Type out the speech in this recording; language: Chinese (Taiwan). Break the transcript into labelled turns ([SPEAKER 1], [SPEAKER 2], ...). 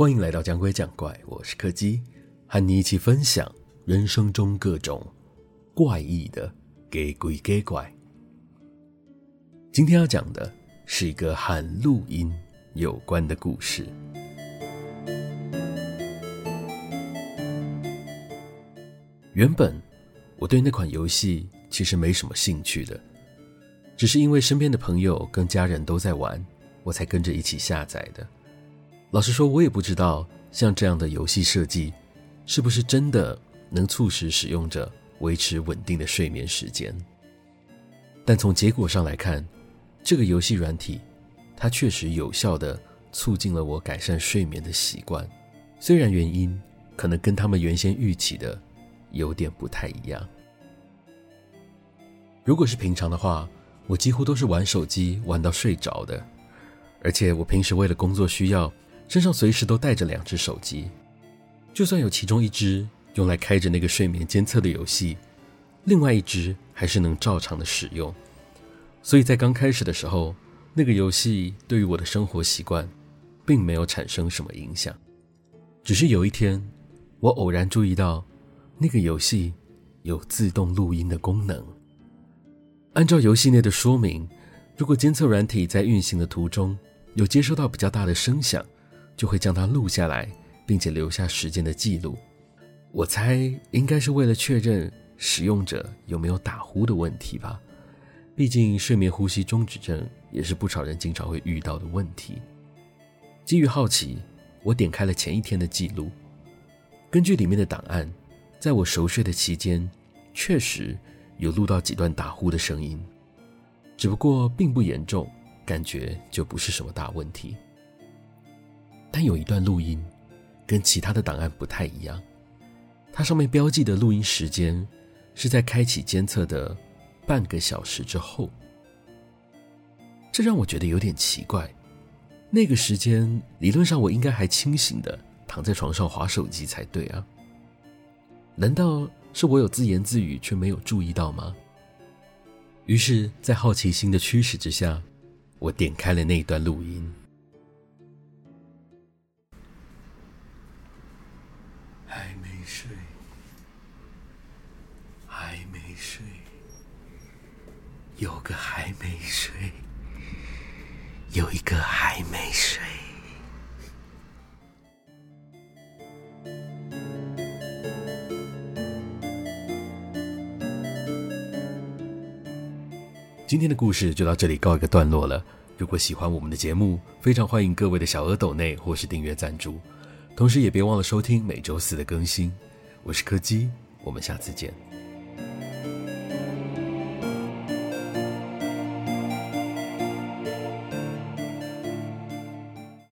[SPEAKER 1] 歡迎來到講鬼講怪，我是柯基，和你一起分享人生中各種怪異的給鬼給怪。今天要講的是一個和錄音有關的故事。原本我對那款遊戲其實沒什麼興趣的，只是因為身邊的朋友跟家人都在玩，我才跟着一起下載的。老實說，我也不知道像這樣的遊戲設計，是不是真的能促使使用者維持穩定的睡眠時間。但從結果上來看，這個遊戲軟體，它確實有效地促進了我改善睡眠的習慣。雖然原因可能跟他們原先預期的有點不太一樣。如果是平常的話，我幾乎都是玩手機玩到睡着的，而且我平時為了工作需要。身上隨時都帶着兩隻手機，就算有其中一隻用來開着那個睡眠監測的遊戲，另外一隻還是能照常的使用。所以在剛開始的時候，那個遊戲對於我的生活習慣並沒有產生什麼影響。只是有一天，我偶然注意到，那個遊戲有自動錄音的功能。按照遊戲內的說明，如果監測軟體在運行的途中有接收到比較大的聲響，就會將它錄下來，並且留下時間的記錄。我猜應該是為了確認使用者有沒有打呼的問題吧，畢竟睡眠呼吸中止症也是不少人經常會遇到的問題。基於好奇，我點開了前一天的記錄。根據裡面的檔案，在我熟睡的期間，確實有錄到幾段打呼的聲音，只不過並不嚴重，感覺就不是什麼大問題。但有一段錄音，跟其他的檔案不太一樣。它上面標記的錄音時間，是在開啟監測的半個小時之後。這讓我覺得有點奇怪。那個時間理論上我應該還清醒的躺在床上滑手機才對啊。難道是我有自言自語卻沒有注意到嗎？於是，在好奇心的驅使之下，我點開了那段錄音。還沒睡，還沒睡，有個還沒睡，有一個還沒睡。今天的故事就到這裡告一個段落了。如果喜歡我們的節目，非常歡迎各位的小額抖內或是訂閱贊助。同時，也別忘了收聽每週四的更新。我是柯基，我們下次見。